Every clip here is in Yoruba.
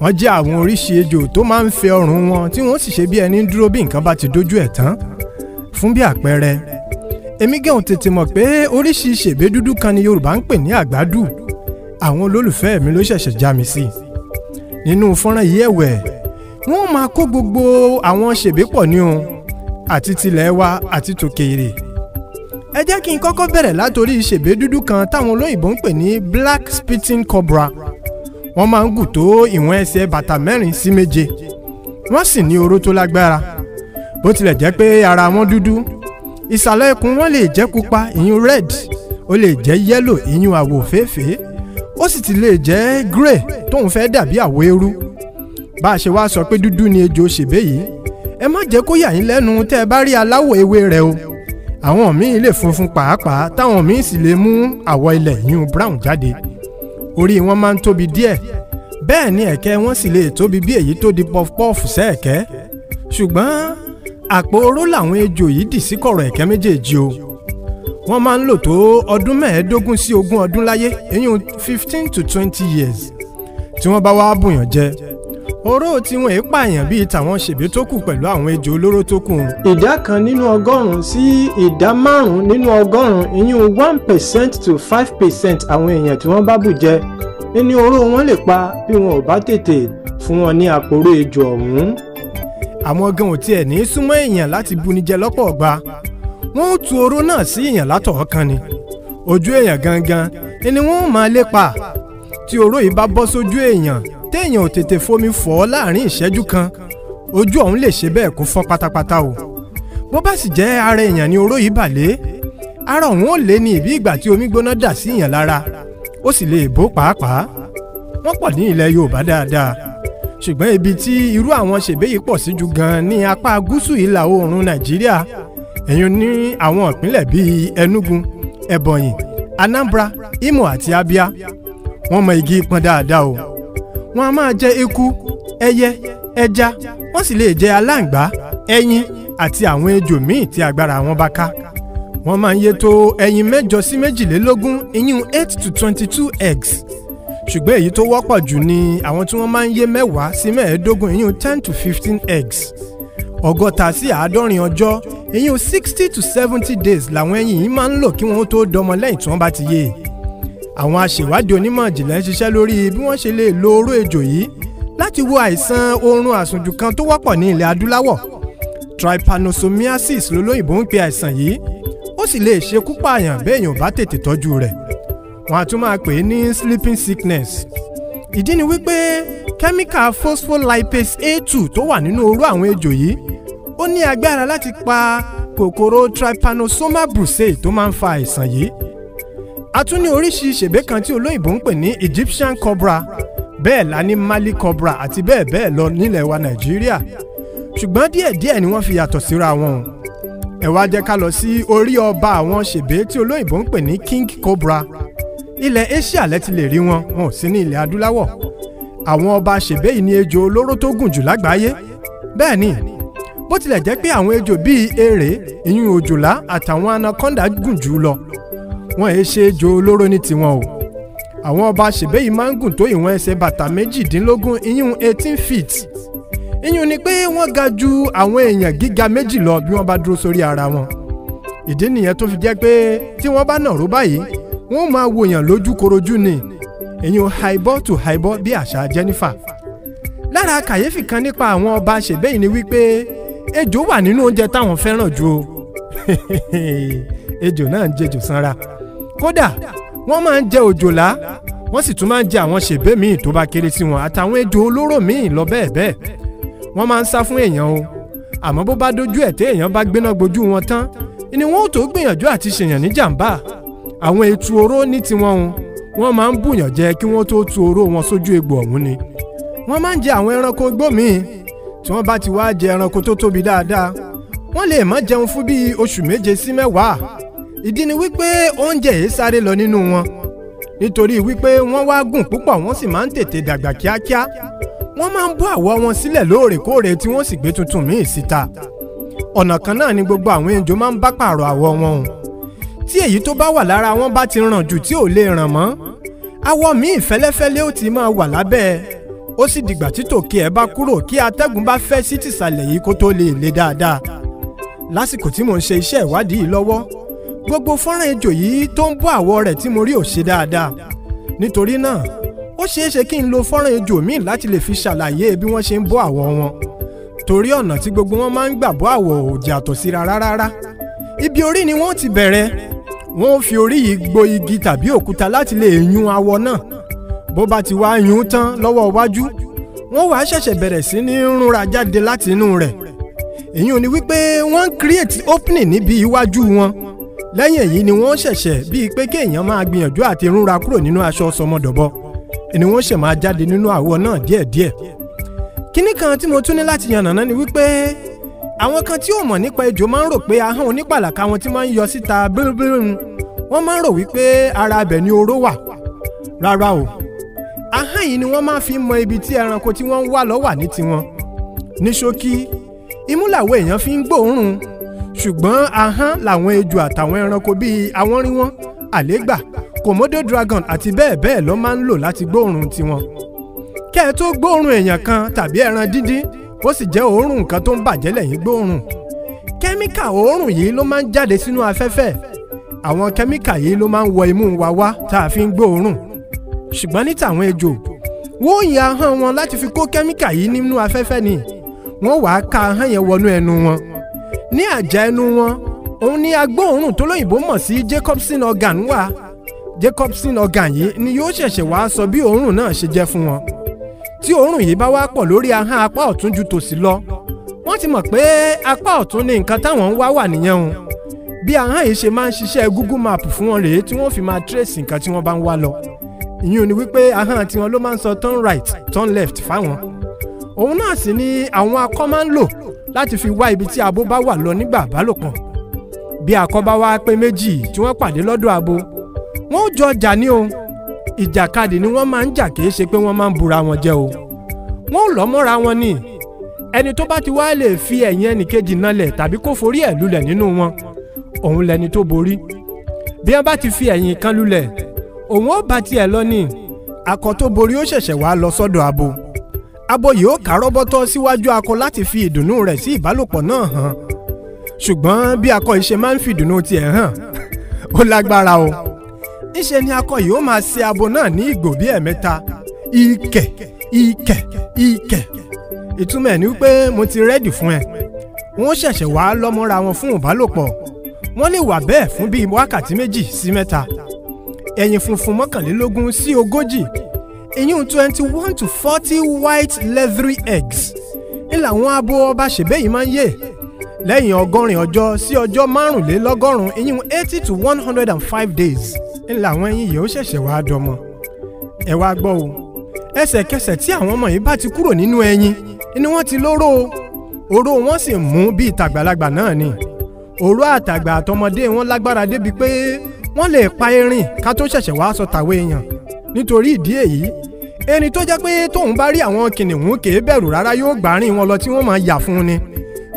wọ́n jẹ́ àwọn oríṣi ejò tó máa ń fẹ ọrùn wọn tí wọ́n sì ṣe bí ẹni dúró bí nǹkan bá ti dojú ẹ̀ tán fún bí àpẹẹrẹ èmi gẹ̀hún tètè mọ̀ pé oríṣi ṣèbé dúdú kan ni Yorùbá ń pè ní àgbádù àwọn olólùfẹ́ mi ló ṣẹ̀ṣẹ̀ já mi sí nínú fọ́nrán yìí ẹ̀wẹ̀ wọ́n máa kó gbogbo àwọn ṣèbé pọ̀ ní o àti tilẹ̀ wa àti tòkèèrè ẹ jẹ́ kí n kọ́kọ́ bẹ̀rẹ̀ látòrí ṣèbé dúdú kan táwọn olóyìnbó ń pè ní black spitting cobra wọ́n máa ń gùn tó ìwọ̀n ẹsẹ̀ bàtà mẹ́rin sí méje wọ́n sì ní oró tó lágbára bó tilẹ̀ jẹ́ pé ara wọn dúdú ìsàlẹ̀ ikùn wọn lè jẹ́ pupa ìyún red ó lè jẹ́ yellow ìyún àwọ̀ òféèfèé ó sì ti lè jẹ́ grey tóun fẹ́ dàbí àwọ̀ eérú bá a ṣe wá sọ pé dúdú ni ejò ṣèbé yìí ẹ má jẹ́ kó yà yín lẹ́nu tẹ́ ẹ bá rí aláwọ̀ ewé rẹ̀ o àwọn míì lè funfun pàápàá táwọn míì sì lè mú àwọ̀ ilẹ̀ yìí brown jáde orí wọn máa ń tóbi díẹ̀ bẹ́ẹ̀ ni ẹ̀kẹ́ wọn sì lè tóbi bí èyí tó di pọfupọ́ọ̀fù sẹ́ẹ̀kẹ́ ṣùgbọ́n àpò oró làwọn ejò yìí dì sí kọ̀rọ̀ ẹ̀kẹ́ méjèèjì o wọ́n máa ń lò tó ọdún mẹ́ẹ̀ẹ́dógún sí ogún ọdún láyé eyín fifteen to twenty years tí wọ́n bá wá bùyàn oró tiwọn èé pààyàn bíi tàwọn ṣèbí tó kù pẹ̀lú àwọn ejò olóró tó kù. ìdá kan nínú ọgọ́rùn-ún sí ìdá márùn-ún nínú ọgọ́rùn-ún ìyún one percent to five percent àwọn èèyàn tí wọ́n bá bù jẹ ẹni oró wọn lè pa bí wọn ò bá tètè fún wọn ní àpòrò ejò ọ̀hún. àwọn gan ò tiẹ̀ ní súnmọ́ èèyàn láti buni jẹ lọ́pọ̀ ọgbà wọ́n ó tu oró náà sí èèyàn látọ̀ọ́ kan ni ojú èèyàn gangan ẹni wọ́n ó máa lépa tí oró yìí bá bọ́ sójú èèyàn téèyàn ò tètè fomi fọ̀ ọ́ láàrin ìṣẹ́jú kan ojú ọ̀hún lè ṣe bẹ́ẹ̀ kó fọ́ pátápátá o bó bá sì jẹ́ ara èèyàn ni oró yìí bà ara òun ò lé ní ìbí ìgbà tí omi gbóná dà sí èèyàn lára ó sì lè bó pàápàá wọ́n pọ̀ ní ilẹ̀ Yorùbá dáadáa ṣùgbọ́n ibi tí irú àwọn ṣèbé yìí pọ̀ sí ju gan ní apá gúúsù ìlà oòrùn Nàìjíríà èyí ní àwọn ìpínlẹ̀ bíi Enugu Ebonyi Anambra Imo àti Abia wọ́n mọ igi pọn dáadáa o wọ́n a máa jẹ eku ẹyẹ ẹja wọ́n sì lè jẹ aláǹgbá ẹyin àti àwọn ejò míì tí agbára wọn bá ká wọ́n máa ń yé tó ẹyin mẹ́jọ sí méjìlélógún ìyún eight to twenty two eggs ṣùgbọ́n èyí tó wọ́pọ̀ jù ni àwọn tí wọ́n máa ń yé mẹ́wàá sí mẹ́ẹ̀ẹ́dógún ìyún ten to fifteen eggs ọgọ́ta sí àádọ́rin ọjọ́ ìyún sixty to seventy days làwọn ẹyin yìí máa ń lò kí wọ́n tó dọmọ lẹ́yìn tí wọ́n bá ti yé e àwọn aṣèwádìí onímọ̀ ìjìnlẹ̀ ń ṣiṣẹ́ lórí bí wọ́n ṣe lè lo oró ejò yìí láti wo àìsàn oorun àsùnjù kan tó wọ́pọ̀ ní ilẹ̀ adúláwọ̀ trypanosomiasis lolóyìnbó ń pe àìsàn yìí ó sì lè ṣekú pààyàn béèyàn bá tètè tọ́jú rẹ̀ wọ́n á tún máa pè é ní sleeping sickness ìdí ni wípé kẹ́míkà phospholipase A2 tó wà nínú oró àwọn ejò yìí ó ní agbára láti pa kòkòrò trypanosoma brucei tó máa ń fa àìsàn yìí a tún ní oríṣi ìṣèbé kan tí olóyìnbó ń pè ní Egyptian cobra bẹ́ẹ̀ la ní Mali cobra àti bẹ́ẹ̀ bẹ́ẹ̀ lọ nílẹ̀ wa Nàìjíríà ṣùgbọ́n díẹ̀díẹ̀ ni wọ́n fi yàtọ̀ síra wọn o ẹ wá jẹ́ ká lọ sí orí ọba àwọn ṣèbé tí olóyìnbó ń pè ní king cobra ilẹ̀ Asia lẹ ti lè rí wọn wọn ò sí ní ilẹ̀ adúláwọ̀ àwọn ọba ṣèbé yìí ní ejò olóró tó gùn jù lágbàáyé bẹ́ẹ̀ ni bó tilẹ̀ jẹ́ pé àwọn ejò bíi erè ìyún òjòlá àtàwọn anaconda gùn jù lọ wọn èé ṣe jo olóró ní tiwọn o àwọn ọba ṣèbé yìí máa ń gùn tó ìwọ̀n ẹsẹ̀ bàtà méjìdínlógún iyún eighteen feet iyún ni pé wọ́n ga ju àwọn èèyàn gíga méjì lọ bí wọ́n bá dúró sórí ara wọn ìdí nìyẹn tó fi jẹ́ pé tí wọ́n bá nàró báyìí wọ́n máa wòyàn lójúkorojú ni ìyún haibọ́ to haibọ́ bí àṣà Jennifer lára kàyéfì kan nípa àwọn ọba ṣèbé yìí ni wípé ejò wà nínú oúnjẹ táwọn fẹ́ràn jù o ejò náà ń jejò sanra kódà wọ́n máa ń jẹ òjòlá wọ́n sì tún máa ń jẹ àwọn ṣèbé míì tó bá kéré sí wọn àtàwọn ejò olóró míì lọ bẹ́ẹ̀ bẹ́ẹ̀ wọ́n máa ń sá fún èèyàn o àmọ́ bó bá dojú ẹ̀ téèyàn bá gbéná gbojú wọn tán ni wọn ò tó gbìyànjú àti ṣèyàn ní jàǹbá àwọn etu oró ní tiwọn o wọ́n máa ń bùyàn jẹ kí wọ́n tó tu oró wọn sójú egbò ọ̀hún ni wọ́n máa ń jẹ àwọn ẹranko igbó míì tí wọ́n bá ti wá jẹ ẹranko tó tóbi dáadáa wọ́n lè má jẹun fún bíi oṣù méje sí mẹ́wàá ìdí ni wípé oúnjẹ yìí sáré lọ nínú wọn nítorí wípé wọ́n wá gùn púpọ̀ wọ́n sì máa ń tètè dàgbà kíákíá wọ́n máa ń bọ́ àwọ̀ wọn sílẹ̀ lóòrèkóòrè tí wọ́n sì gbé tuntun míì síta ọ̀nà kan náà ni gbogbo àwọn ejò máa ń bá pààrọ̀ àwọ̀ wọn o tí èyí tó bá wà lára wọn bá ti ràn jù tí ò lè ràn mọ́ àwọ̀ míì fẹ́lẹ́fẹ́lẹ́ ó ti máa wà lábẹ́ ẹ ó sì dìgbà tí tòkè ẹ bá kúrò kí atẹ́gùn bá fẹ́ sí tìsàlẹ̀ yìí kó tó lè le dáadáa lásìkò tí mò ń ṣe iṣẹ́ ìwádìí lọ́wọ́ gbogbo fọ́nrán ejò yìí tó ń bọ́ àwọ̀ rẹ̀ tí mo rí ò ṣe dáadáa nítorí náà ó ṣeé ṣe kí n lo fọ́nrán ejò míì láti lè fi ṣàlàyé bí wọ́n ṣe ń bọ́ àwọ̀ wọn torí ọ̀nà tí gbogbo wọn máa ń gbà bọ́ àwọ̀ ò yàtọ̀ síra rárá ibi orí ni wọ́n ti bẹ̀rẹ̀ wọ́n fi orí yìí gbo igi tàbí òkúta láti lè yún awọ náà bó bá ti wá yún tán lọ́wọ́ iwájú wọ́n wàá ṣẹ̀ṣẹ̀ bẹ̀rẹ̀ sí ní rúnra jáde láti inú rẹ̀ èyí ò ní wípé wọ́n create opening níbi iwájú wọn lẹ́yìn èyí ni wọ́n ṣẹ̀ṣẹ̀ bíi pé kéèyàn máa gbìyànjú àti rúnra kúrò nínú aṣọ sọmọdọ̀bọ ni wọ́n ṣẹ̀ máa jáde nínú àwọ̀ náà díẹ̀díẹ̀. kínní kan tí mo tún ní láti yànnàná ni wípé àwọn kan tí ò mọ̀ nípa ejò máa ń rò pé ahọ́n onípàlàkà wọn ti máa ń yọ síta bírúbírún wọ́n máa ń rò wípé ara abẹ̀ ni oró wà rárá o ahọ́n yìí ni wọ́n máa fi mọ ibi tí ẹranko tí wọ́n ń wá lọ ní tiwọn ní ṣókí imú èèyàn fi ń gbóòórùn ṣùgbọ́n ahán làwọn ejò àtàwọn ẹranko bíi awọ́nrínwọ́n àlégbà komodo dragon àti bẹ́ẹ̀ bẹ́ẹ̀ lọ máa ń lò láti gbóòórùn tiwọn. kẹ́ ẹ tó gbóòórùn èèyàn kan tàbí ẹran díndín ó sì jẹ́ òórùn nǹkan tó ń bàjẹ́ lẹ́yìn gbóòórùn. kẹ́míkà òórùn yìí ló máa ń jáde sínú afẹ́fẹ́ àwọn kẹ́míkà yìí ló máa ń wọ imú wa wá tá a fi ń gbóòórùn. ṣùgbọ́n ní tàwọn ejò wọ́n yà ahọ́n wọn láti fi kó kẹ́míkà yìí nínú afẹ́fẹ́ ni wọ́n wàá ka ahọ́n yẹn wọnú ẹnu wọn ní àjà ẹnu wọn òun ni agbóòórùn tó lóyìnbó mọ̀ sí Jacobson organ wà Jacobson organ yìí ni yóò ṣẹ̀ṣẹ̀ wá sọ bí òórùn náà ṣe jẹ́ fún wọn tí òórùn yìí bá wá pọ̀ lórí ahọ́n apá ọ̀tún ju tòsí lọ wọ́n ti mọ̀ pé apá ọ̀tún ni nǹkan táwọn ń wá wà nìyẹn o bí ahọ́n yìí ṣe máa ń ṣiṣẹ́ Google Map fún wọn rèé tí wọ́n fi máa trace nǹkan tí wọ́n bá ń wá lọ ìyẹn ò wípé ahọ́n tiwọn ló máa ń sọ turn right turn left fáwọn òun náà sì ni àwọn akọ máa ń lò láti fi wá ibi tí abo bá wà lọ nígbà àbálòpọ̀ bí akọ bá wá pé méjì tí wọ́n pàdé lọ́dọ̀ abo wọ́n ó jọ jà ní o ìjàkadì ni wọ́n máa ń jà kìí ṣe pé wọ́n máa ń bura wọn jẹ o wọ́n ò lọ́mọ́ra wọn ni ẹni tó bá ti wá lè fi ẹ̀yìn ẹnìkejì nalẹ̀ tàbí kó forí ẹ̀ lulẹ̀ nínú wọn òun lẹni tó borí bí wọ́n bá ti fi ẹ̀yìn kan lulẹ̀ òun ó bá tiẹ̀ lọ ni akọ tó borí ó ṣẹ̀ṣẹ̀ wá lọ sọ́dọ̀ abo abo yìí ó kà rọ́bọ́tọ́ síwájú akọ láti fi ìdùnnú rẹ̀ sí ìbálòpọ̀ náà hàn ṣùgbọ́n bí akọ yìí máa ń fi ìdùnnú tiẹ̀ hàn ó lágbára o ńṣe ni akọ yìí ó máa ṣe abo náà ní ìgò bí ẹ̀mẹ́ta ìkẹ̀ ìkẹ̀ ìkẹ̀ ìtumọ̀ ẹ̀ ni pé mo ti rẹ́dì fún ẹ wọ́n ṣẹ̀ṣẹ̀ wá lọ́mọ́ra wọn fún ìbálòpọ̀ wọ́n lè wà bẹ́ẹ̀ fún bíi wákàtí méjì sí mẹ́ta ẹyin funfun mọ́kànlélógún sí ogójì ìyún twenty one to forty white leathery eggs ń làwọn abo ọba ṣèbéyìí máa ń yè lẹ́yìn ọgọ́rin ọjọ́ sí ọjọ́ márùnlélọ́gọ́rùn-ún ìyún eighty to one hundred and five days ń làwọn ẹyin yìí ó ṣẹ̀ṣẹ̀ wá dọmọ ẹ wá gbọ́ o ẹsẹ̀kẹsẹ̀ tí àwọn ọmọ yìí bá ti kúrò nínú ẹyin ni wọ́n ti lóró o oró wọn sì mú bíi tàgbàlagbà náà ni oró àtàgbà àtọmọdé wọn lágbára débi pé wọ́n lè pa erin ká tó ṣẹ̀ṣẹ̀ wá sọ tàwé èèyàn nítorí ìdí èyí ẹni tó jẹ́ pé tóun bá rí àwọn kìnìún kèé bẹ̀rù rárá yóò gbàárín wọn lọ tí wọ́n máa yà fún un ni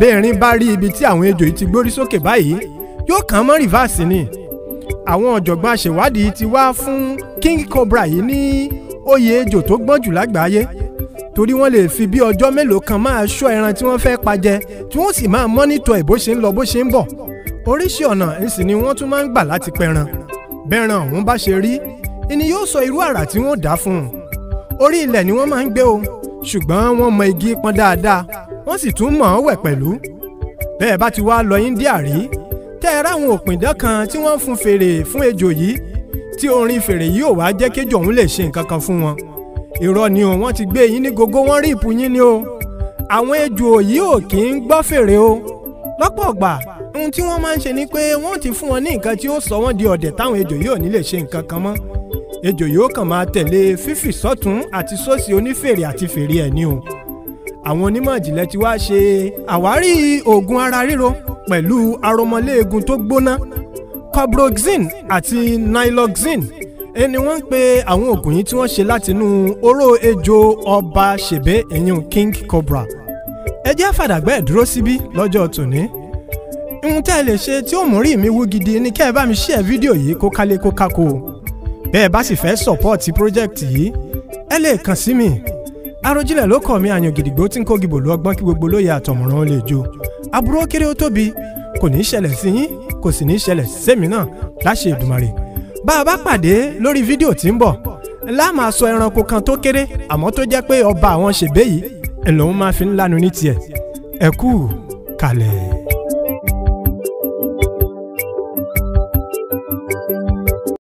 béèrín bá rí ibi tí àwọn ejò yìí ti gbórí sókè báyìí yóò kàn mọ́ rìvásì ni àwọn ọ̀jọ̀gbọ́n aṣèwádìí ti wá fún king cobra yìí ní oyè ejò tó gbọ́n jù lágbàáyé torí wọ́n lè fi bí ọjọ́ mélòó kan máa ṣọ́ ẹran tí wọ́n fẹ́ pa jẹ tí wọ́n sì máa mọ́nítọ̀ ẹ̀ bó ṣe ń lọ bó ṣe ń bọ̀ oríṣi ọ̀nà ìsìn ni wọ́n tún máa ń gbà láti pẹran bẹ́ẹ̀ràn òun bá ṣe rí ni yóò sọ irú àrà tí wọ́n dá fún un orí ilẹ̀ ni wọ́n máa ń gbé o ṣùgbọ́n wọ́n mọ igi pọn dáadáa wọ́n sì tún mọ̀ ọ́n wẹ̀ pẹ̀lú bẹ́ẹ̀ bá ti wá lọ India rí tẹ́ ẹ ráwọn òpìndán kan tí wọ́n ń fún fèrè fún ejò yìí tí orin fèrè yìí ò wá jẹ́ kéjò òun lè ṣe nǹkan kan fún wọn irọ́ ni o wọ́n ti gbé yín ní gógó wọ́n rí ìpù yín ni o àwọn ejò yìí ò kì í gbọ́ fèrè o lọ́pọ̀ ọ̀gbà ohun tí wọ́n máa ń ṣe ni pé wọ́n ti fún wọn ní nǹkan tí ó sọ wọ́n di ọ̀dẹ̀ táwọn ejò yìí ò ní lè ṣe nǹkan kan mọ́ ejò yóò kàn máa tẹ̀lé fífì sọ́tún àti sósì onífèrè àti fèrè ẹ̀ ní o àwọn onímọ̀ ìjìnlẹ̀ ti wá ṣe àwárí oògùn ara ríro pẹ̀lú aromọléegun tó gbóná cobroxin àti niloxin ẹni wọ́n ń pe àwọn oògùn yìí tí wọ́n ṣe látinú oró ejò ọba ṣèbé ẹ̀yìn king cobra ẹ jẹ́ fàdàgbẹ́ dúró síbí lọ́jọ́ tòní ohun tẹ́ ẹ lè ṣe tí ó mú rí mi wú gidi ni kẹ́ ẹ bá mi share fídíò yìí kó kálé kó kákó o bẹ́ẹ̀ bá sì fẹ́ sọ̀pọ́ọ̀tì project yìí ẹ lè kàn sí mi Àròjinlẹ̀ ló kọ̀ mí àyàn gidigbo tí ń kó gibò lu ọgbọ́n kí gbogbo lóye àtọ̀mọ̀ràn ó lè jó aburú kéré ó tóbi kò ní í ṣẹlẹ̀ sí yín kò sì ní í ṣẹlẹ̀ sẹ́mi náà láṣẹ Èdùmàrè bá a bá pàdé lórí fídíò tí ń bọ̀ láàmú aṣọ ẹranko kan tó kéré àmọ́ tó jẹ́ pé ọba àwọn ṣèbéyìí ẹ̀ lòun máa fi ń lánu ní tiẹ̀ ẹ kú kalẹ̀.